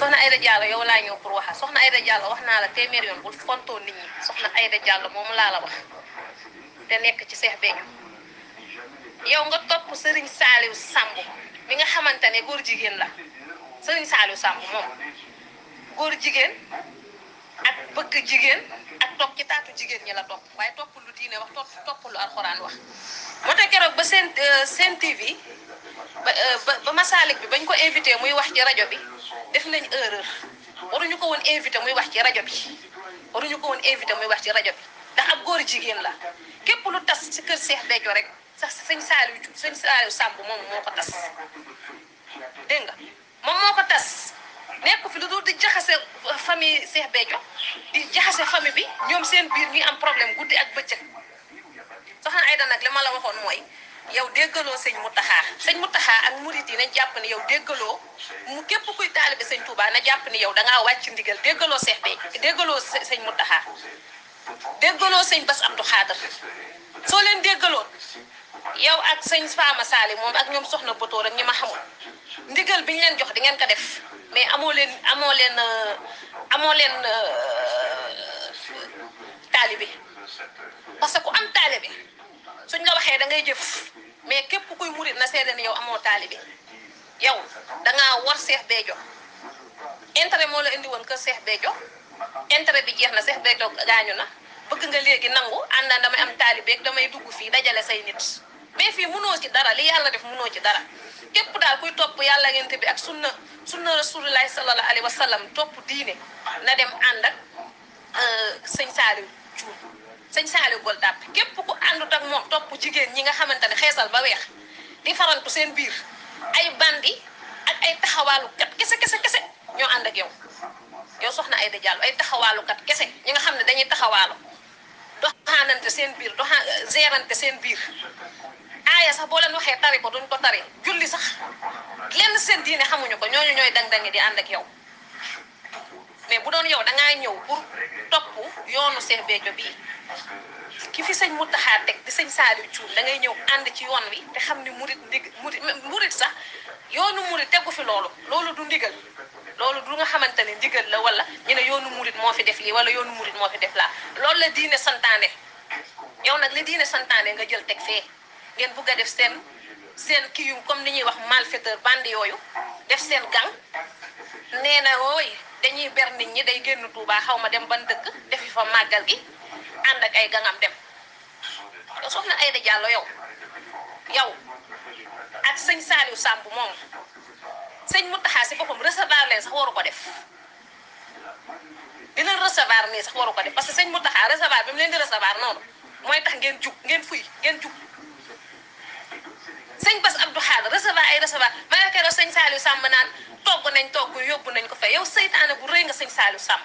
soxna Aida Diallo yow laa ñëw pour waxal soxna Aida Diallo wax naa la téeméer yoon bul fontoo nit ñi soxna Aida Diallo moomu laa la wax te nekk ci Cheikh Béthio yow nga topp Serigne Saliou Samb mi nga xamante ne góor jigéen la Serigne Saliou Samb moom góor jigéen. ak bëgg jigéen ak topp ci taatu jigéen ñi la topp waaye topp lu diine wax topp lu alxuraan wax moo tax keroog ba seen euh, seen TV euh, ba ba Masaalik bi bañ ko invité muy wax ci rajo bi def nañ erreur waruñu ko woon invité muy wax ci rajo bi waruñu ko woon invité muy wax ci rajo bi ndax ab góor jigéen la képp lu tas si kër Seex Béthio rek sax sëñ Saaliw sëñ Saaliw Sàmb moom moo ko tas dégg nga moom moo ko tas nekk fi lu dul di jaxase euh, famille Cheikh Béthio di jaxase famille bi ñoom seen biir ñuy am problème guddi ak bëccëg soxna Aida nag li ma la waxoon mooy yow déggaloo sëñ Mountakha sëñ taxaa ak murit yi nañ jàpp ni yow déggaloo mu képp kuy taalibe sëñ Touba na jàpp ni yow dangaa wàcc ndigal déggaloo Cheikh Béthio déggaloo sëñ Mountakha déggaloo sëñ Bass Abdou Khadre soo leen déggaloo yow ak sëñ Fama Saali moom ak ñoom soxna Botoor ak ñi ma xamul ndigal bi ñu leen jox di ngeen ko def mais amoo leen amoo leen euh, amoo leen euh, taalibe parce que ku am bi suñ la waxee da ngay jëf mais képp kuy murit na seede ni yow amoo taalibe yow da ngaa war Seex Béthio intérêt moo la indi woon kër Seex Béthio intérêt bi jeex na Seex Béthio gaañu na bëgg nga léegi nangu ànd damay am taali taalibe damay dugg fii dajale say nit. mais fii munoo ci dara li yàlla def munoo ci dara képp daal kuy topp yàlla ngente bi ak sunna sunna rasulillahi sallallahu alayhi wa sallam topp diine na dem ànd ak euh, sëñ Saliou Thioune sëñ Saliou képp ku àndut ak moom topp jigéen ñi nga xamante ne xeesal ba weex di farantu seen biir ay bandi ak ay taxawaalukat kese kese kese ñoo ànd ak yow yow soxna Aida Diallo ay taxawaalukat kese ñi nga xam ne dañuy taxawaalu doxaanante seen biir doxa seen biir aaya sax boo leen waxee tari ko duñ ko tari julli sax lenn seen diine xamuñu ko ñooñu ñooy dang-dangi di ànd ak yow mais bu doon yow da ñëw pour topp yoonu Cheikh Béthio bii ki fi sëñ Mountakha teg di sëñ Saliou Thioune da ngay ñëw ànd ci yoon wi xam ni murit ndig murit sax yoonu murit tegu fi loolu loolu du ndigal loolu du nga xamante ne ndigal la wala ñu ne yoonu murit moo fi def lii wala yoonu murit moo fi def laa loolu la diine santaane yow nag la diine santaane nga jël teg fee ngeen bugg a def seen seen kii yu comme ni ñuy wax malfaiteur bande yooyu def seen gang nee na ooy dañuy ber nit ñi day génn Tuubaa xaw ma dem ban dëkk defi fa màggal gi ànd ak ay gangam dem soxna Aida Diallo yow yow ak sëñ Saliou Samb moom mu Mountakha si boppam recevoir leen sax waru ko def di leen recevoir nii sax waru ko def parce que sëñ Mountakha recevoir bi mu leen di recevoir noonu mooy tax ngeen jug ngeen fuy ngeen jug. sëñ Bass Abdou Khadre recevoir ay recevoir ma nga keroog sëñ Saliou Samb naan togg nañ togg yóbbu nañ ko fa yow seytaane bu rëy nga sëñ Saliou Samb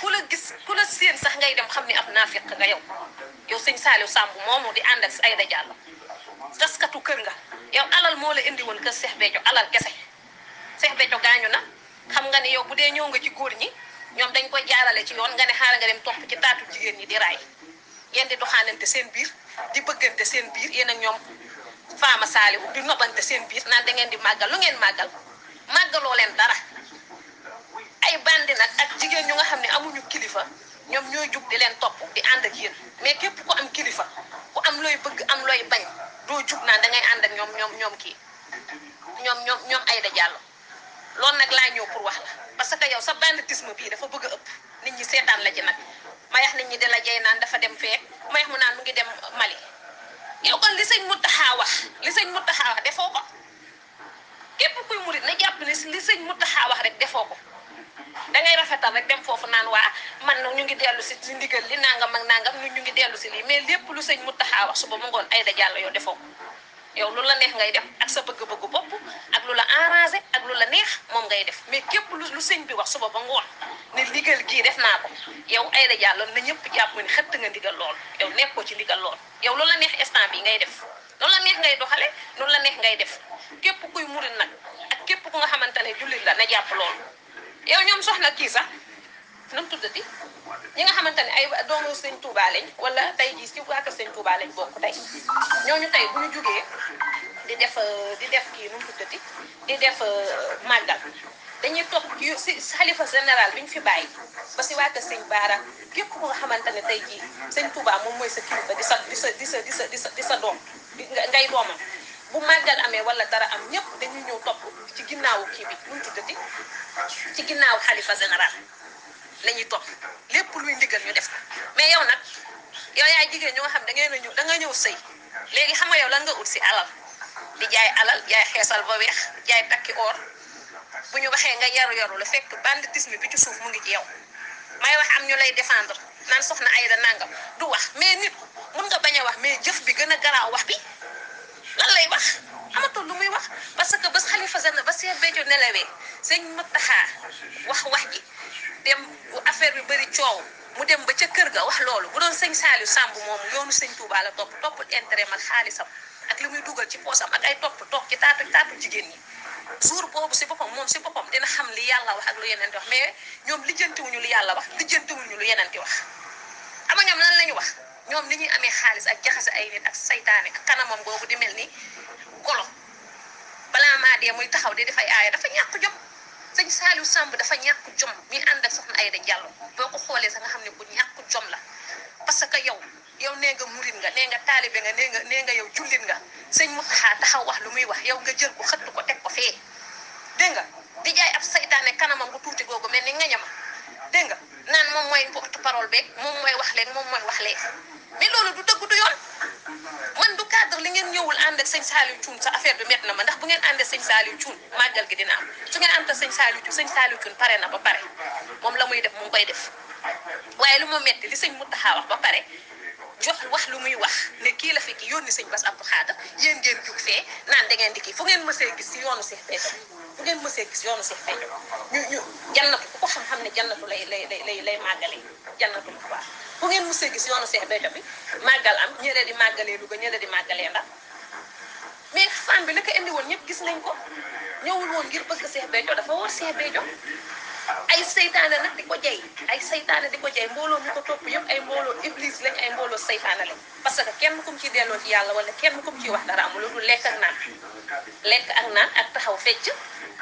ku la gis ku la séen sax ngay dem xam ni ab naafiq nga yow yow sëñ Saliou Samb moomu di ànd ak si ay dajaal taskatu kër nga yow alal moo la indi woon kër Cheikh Béthio alal kese Cheikh Béthio gaañu na xam nga ni yow bu dee ñëw nga ci góor ñi ñoom dañ koy jaarale ci yoon nga ne xaaral nga dem topp ci taatu jigéen ñi di raay ngeen di doxaanante seen biir di bëggante seen biir yéen ak ñoom faama saalihu di nobante seen biir naan da ngeen di màggal lu ngeen màggal màggaloo leen dara ay bandi ak jigéen ñu nga xam ne amuñu kilifa ñoom ñoo jug di leen topp di ànd ak yéen mais képp ko am kilifa ku am looy bëgg am looy bañ doo jug naan dangay ànd ak ñoom ñoom ñoom kii ñoom ñoom ñoom ay Diallo loolu nag laa ñëw pour wax la parce que yow sa banditisme bii dafa bëgg a ëpp nit ñi seetaan la ci nag ma yax nit ñi de la jey naan dafa dem feek ma yax mu mu ngi dem Mali yow kon li sëñ Mountakha wax li sëñ Mountakha wax defoo ko képp kuy murit na jàpp ne li sëñ Mountakha wax rek defoo ko da ngay rafetal rek dem foofu naan waa man nag ñu ngi dellu si si ndigal li nangam ak nangam ñun ñu ngi dellu si lii mais lépp lu sëñ Mountakha wax suba mu ngoon ay da jàll yoo defoo yow lu la neex ngay dem ak sa bëgg-bëggu bopp ak lu la arrangé ak lu la neex moom ngay def mais képp lu sëñ bi wax suba ba ngoon ne ndigal kii def naa ko yow Aida Diallo na ñëpp jàpp ni xëtt nga ndigal lool yow nekkoo ci ndigal lool yow loolu la neex instant bi ngay def loolu a neex ngay doxale loolu la neex def képp kuy murit nag ak képp ku nga xamante ne jullit la na jàpp lool yow ñoom soxna kii sax nam tuddati ñi nga xamante ne ay doomu sëñ Touba lañ wala tey jii ci waa kër sëñ Touba lañ bokk tey ñooñu tey bu ñu jugee di def di def kii nu mu tuddati di def euh, màggal dañuy toog si xalifa général bi ñu fi bàyyi ba si waa kër sëñ Baara képp ku xamante ne tey jii sëñ Touba moom mooy sa kilifa di sa di sa di sa di sa di sa di sa doom ngay doomam bu màggal amee wala dara am ñëpp dañuy ñëw topp ci ginnaawu kii bi nu mu tuddati ci ginnaaw xalifa général la ñuy topp lépp luy ndigal ñu def mais yow nag yow yaay jigéen ñoo xam da ngay ñëw danga ñëw sëy léegi xam nga yow lan nga ut si alal di jaay alal jaay xeesal ba weex jaay takki or. bu ñu waxee nga yaru yaru la fekk banditisme bi ci suuf mu ngi ci yow may wax am ñu lay défendre naan soxna Aida nangam du wax mais nit mun nga bañ a wax mais jëf bi gën a garaaw wax bi lan lay wax amatul lu muy wax parce que bés xalifa na ba seet béjjo nelawee sëñ Mountakha wax wax ji dem bu affaire bi bëri coow mu dem ba ca kër ga wax loolu bu doon sëñ Saliou Samb moomu yoonu sëñ Touba la topp toppul intérêt man xaalisam ak li muy dugal ci poosam ak ay topp toog ci taatu taatu jigéen ñi. jour boobu si boppam moom si boppam dina xam li yàlla wax ak lu yeneen di wax mais ñoom lijjantiwuñu li yàlla wax lijjantiwuñu lu yeneen di wax ama ñoom lan la ñu wax ñoom li ñuy amee xaalis ak jaxase ay nit ak seytaane ak kanamam boobu di mel ni golo balaa maa dee muy taxaw di dafay aaya dafa ñàkk jom sëñ Saliou Samb dafa ñàkk jom mi ànd ak soxna Aïda Diallo boo ko xoolee sa nga xam ne bu ñàkk jom la parce que yow yow nee nga murit nga nee nga taalibe nga nee nga nee nga yow jullit nga sëñ Mountakha taxaw wax lu muy wax yow nga jël ko xëtt ko teg ko fee dégg nga di jaay ab saytaane kanamam bu tuuti googu mel ni nga ñama dégg nga naan moom mooy porte parole beeg moom mooy wax leeg moom mooy wax leeg mais loolu du dëgg du yoon man du cadre li ngeen ñëwul ànd ak sëñ Saliou Thioune sa affaire bi mett na ma ndax bu ngeen àndee sëñ Saliou Thioune màggal gi dina am su ngeen ànd ak sëñ Saliou Thioune sëñ Saliou Thioune pare na ba pare moom la muy def mu koy def waaye lu ma metti li sëñ Mountakha wax ba pare jox wax lu muy wax ne kii la fekk ki yónni sëñ Bass Abdou Khadre yéen ngeen jug fee naan da ngeen di kii fu ngeen mësee gis si yoonu Seex Béthio fu ngeen mësee gis yoonu Seex Béthio ñu ñu jannatu ku ko xam-xam ne lay màggale jannatu bu baax fu ngeen mësee gis bi màggal am ñële di màggalee Louga ñële di màggalee Ndar mais fan bi la ko indi woon ñëpp gis nañ ko ñëwul woon ngir bëgg Seex Béthio dafa war Seex Béthio ay seytaane nag di ko jey ay seytaane di ko jey mbooloo mi ko topp yëpp ay mbooloo iblis lañ ay mbooloo seytaane lañ parce que kenn kum ci delloo ci yàlla kenn kum ciy wax dara amul lu dul lekk ak naan ak taxaw fecc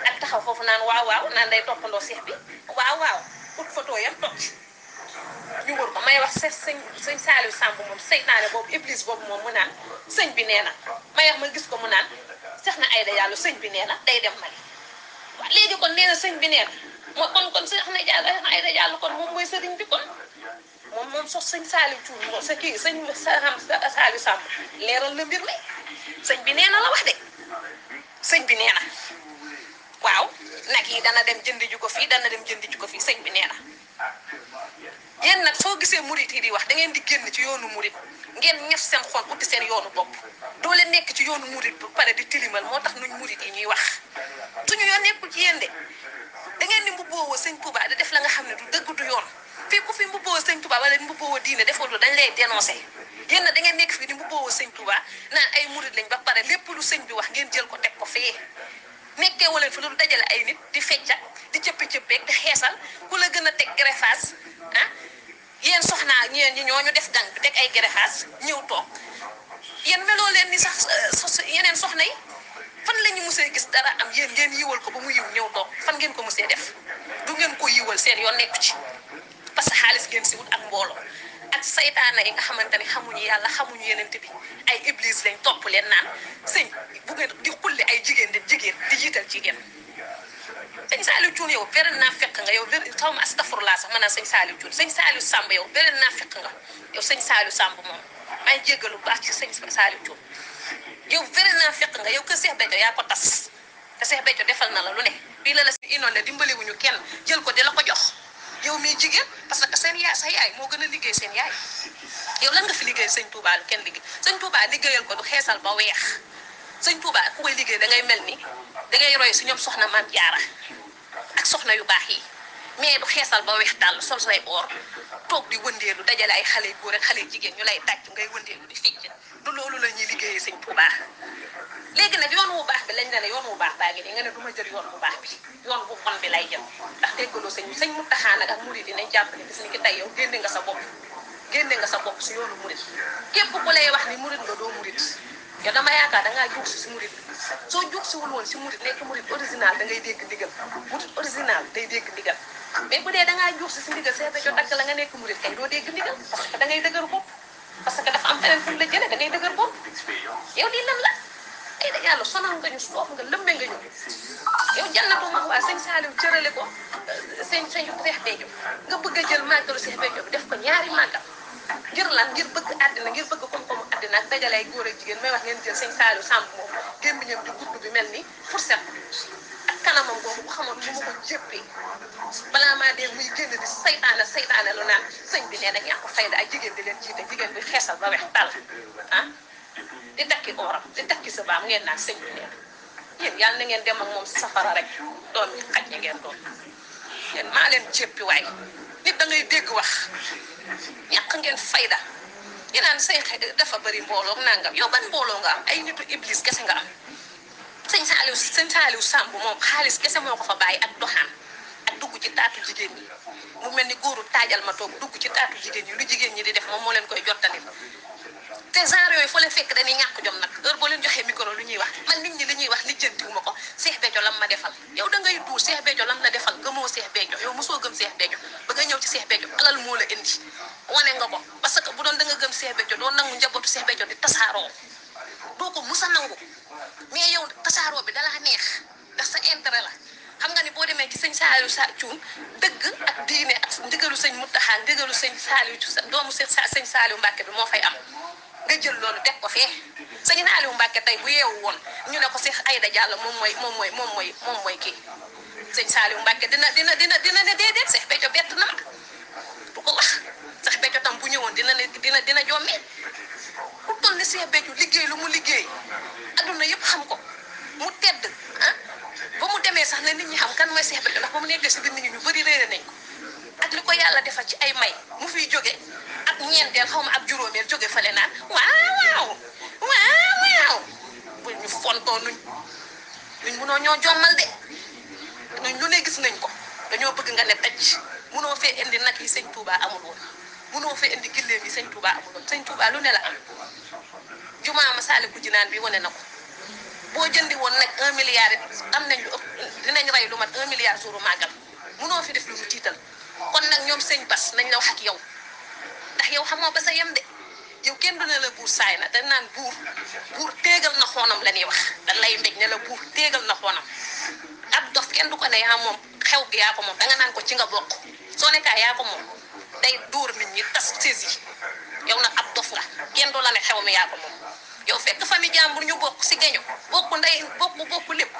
ak taxaw foofu naan waaw waaw naan day toppandoo seex bi waaw waaw ut photo yam topp ci ñu wër ko may wax sëñ sëñ Saliou Samb moom seytaane boobu iblis boobu moom mu naan sëñ bi nee na may ma gis ko mu naan seex na ay da yàlla sëñ bi nee na day dem Mali waaw léegi kon nee bi nee mooy kon kon Cheikh na Diallo ay na kon moom mooy sëriñ bi kon moom moom sox sañ Saali Cuun moom sa kii sa Saali Samb leeral na mbir mi sëñ bi nee na la wax de sëñ bi nee na waaw nag yi dana dem jënd ji ko fii dana dem jënd ji ko fii sëñ bi nee na yéen nag soo gisee murit yi di wax da ngeen di génn ci yoonu murit ngeen ñëf seen xol uti seen yoonu bopp doo leen nekk ci yoonu murit ba pare di tilimal moo tax nuñ murit yi ñuy wax suñu yoon nekkul ci yéen de di mbubboo sëñ Touba di def la nga xam ne du dëgg du yoon fii ku fi mbubboo sëñ Touba wala di mbubboo diine defoo dañ lay dénoncé yéen na da ngeen nekk fii di mbubboo sëñ Touba naan ay murid lañ ba pare lépp lu sëñ bi wax ngeen jël ko teg ko fee nekkee wala fi lu dajale ay nit di fecca di cëpp cëppi cëppeeg di xeesal ku la gën a teg greffage ah yéen soxnaa ñeen ñi ñoo ñu def gang bi teg ay greffage ñëw toog yéen meloo leen ni sax eh, yeneen soxna yi. fan la ñu musee gis dara am yéen ngeen yiwal ko ba mu yiw ñëw toog fan ngeen ko musee def du ngeen ko yiwal seen yoon nekku ci parce que xaalis ngeen si wut ak mbooloo ak saytaana yi nga xamante ne xamuñu yàlla xamuñu yeneen bi ay iblis lañ topp leen naan sëñ bu ngeen di xulli ay jigéen di jigéen di jiital jigéen sëñ Saliou Thioune yow beneen naa fekk nga yow beneen xaw ma astafurlaa sax ma naan sëñ Saliou Thioune sëñ Saliou Samb yow beneen naa fekk nga yow sëñ saalu Samb moom maa ngi jéggalu baax ci sëñ saalu Thioune yow vrai naafiq nga yow kër Cheikh Béthio yaa ko tas te Cheikh Béthio defal na la lu ne bii na la si inondé dimbali wuñu kenn jël ko di la ko jox yow mii jigéen parce que seen yaay sa yaay moo gën a liggéey seen yaay yow lan nga fi liggéey sañ Touba lu kenn liggéey sëñ Touba liggéeyal ko du xeesal ba weex sañ Touba ku koy liggéey da ngay mel ni da ngay roy si ñoom soxna man jaara ak soxna yu baax yi. mais du xeesal ba weex dàll sol say or toog di wëndeelu dajale ay xale góor ak xale jigéen ñu lay tàcc ngay wëndeelu di fecc du loolu la ñuy liggéeyee sëñ bu baax léegi nag yoon wu baax bi lañ la ne yoon wu baax baa nga ne du ma jël yoon bu baax bi yoon bu bon bi lay jël ndax déggaloo sëñ sëñ mu taxaan ak murid yi nañ jàpp yow génne nga sa bopp génne nga sa bopp si yoonu murid képp ku lay wax ni murid doo murid yow dama yaakaar da ngaa juug si si murid soo juug si wul woon si murid nekk murid original da ngay dégg ndigal murid original day dégg mais bu dee da ngaa juux si si ndigal seeta jo takk la nga nekk murit kay doo dégg ndigal parce que da ngay dëgër bopp parce que dafa am feneen fu la jëlee da ngay dëgër yow lii lan la ay da yàlla sonal nga ñu soof nga lëmbe nga ñu yow jannatu ma'waa sëñ Saaliw cërale ko sëñ sëñ Seex Béthio nga bëgg a jël màggalu Seex Béthio def ko ñaari màggal ngir lan ngir bëgg àddina ngir bëgg koom-koom xaddi nag dajalay góor ak jigéen may wax ngeen jël sëñ Saliou Samb moom gémmiñam di gudd bi mel ni fourchette ak kanamam googu bu xamoon nu ma ko jëppee balaa maa dee muy génn di saytaane saytaane lu naan sëñ bi nee na ñàkk fayda ay jigéen di leen jiite jigéen bi xeesal ba weex tàll ah di takki ooram di takki sa baam ngeen naan sëñ bi yàlla na ngeen dem ak moom safara rek doom yi xaj na ngeen doon yéen maa leen jëppi waaye nit da ngay dégg wax ñàkk ngeen fayda ñu naan say dafa bëri mbooloo nangam yow ban mbooloo nga am ay nitu iblis kese nga am sëñ Saaliw sëñ Saaliw Samb moom xaalis kese moo ko fa bàyyi ak doxaan ak dugg ci taatu jigéen ñi mu mel ni góoru taajal ma toog dugg ci taatu jigéen ñi lu jigéen ñi di def moom moo leen koy jottali te genre yooyu fekk dañuy ñàkk jom nag heure boo leen joxee lu ñuy wax man nit ñi li ñuy wax li jëntiwu ma ko Cheikh Béthio lam ma defal yow da ngay duur Cheikh Béthio lam la defal gëmoo Cheikh Béthio yow mosoo gëm Cheikh Béthio ba nga ñëw ci Cheikh Béthio alal moo la indi wane nga ko Cheikh Béthio doo nangu njabootu Cheikh Béthio di tasaaroo doo ko mus a nangu mais yow tasaaroo bi dala neex ndax sa intérêt la xam nga ni boo demee ci sëñ Saliou sa Thioune dëgg ak diine ak ndigalu sëñ Mountakha ndigalu sëñ Saliou doomu sëñ Saliou Mbacke bi moo fay am nga jël loolu teg ko fee sëñ Saliou Mbacke tey bu yeewu woon ñu ne ko Cheikh ay Diallo moom mooy moom mooy moom mooy moom mooy kii sëñ Saliou Mbacke dina dina dina dina ne déedéet Cheikh Béthio bett na ma dina jommi ku toll ni Cheikh Béthio liggéey lu mu liggéey adduna yëpp xam ko mu tedd ah ba mu demee sax la nit ñi xam kan mooy Cheikh Béthio ndax ba mu nekk si biir nit ñi ñu bëri réere nañ ko ak li ko yàlla defal ci ay may mu fiy jóge ak ñeenteel xaw ma ab juróomeel jóge fale naan waaw waaw waaw waaw bu ñu fontoo nuñ nuñ munoo ñoo jommal de nuñ lu ne gis nañ ko dañoo bëgg nga ne taj munoo fee indi nag yi sëñ Touba amul munoo fa indi gilleem yi sëñ Touba amuloon sëñ Touba lu ne la am jumaa Masaalikul Jinaan bi wane na ko boo jëndi woon nag un milliard am nañ lu ëpp dinañ rey lu mat un milliard suuru màggal munoo fi def lu mu tiital kon nag ñoom sëñ Bas nañ la wax ak yow ndax yow xamoo ba sa yem de yow kenn du ne la buur saay na dañ naan buur buur téegal na xoonam la ñuy wax dañ lay mbéj la buur téegal na xoonam ab dof kenn ko ne moom xew gi yaa ko moom danga naan ko ci nga bokk soo nekkaa yaa ko moom. day dóor nit ñi tas sées yi yow nag ab dof nga kenn du la ne xew mi yaa ko moom yow fekk famille jàmbur ñu bokk si geño bokk ndey bokk bokk lépp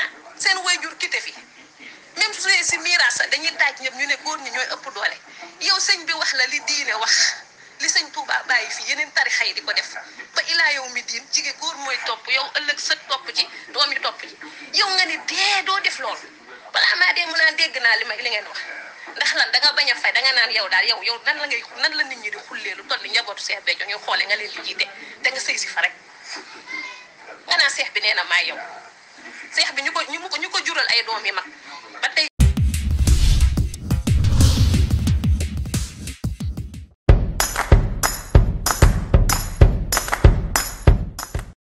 ah seen jur kite fi même su si miraas sax dañuy taaj ñëpp ñu ne góor ñi ñooy ëpp doole yow sëñ bi wax la li diine wax li sëñ Touba bàyyi fi yeneen tarixa yi di ko def ba ilaa yow mi diin jigéen góor mooy topp yow ëllëg sët topp ci doom yi topp ci yow nga ni dee doo def loolu balaa maa dee mu naa dégg naa li ma li ngeen wax ndax lan da nga bañ a fay da nga naan yow daal yow yow nan la ngay nan la nit ñi di xullee lu toll ni njabootu seex beeco ñuy xoole nga leen di jiite te nga sëy si fa rek nga naan seex bi nee na maa yow seex bi ñu ko ñu ko jural ay doom yi mag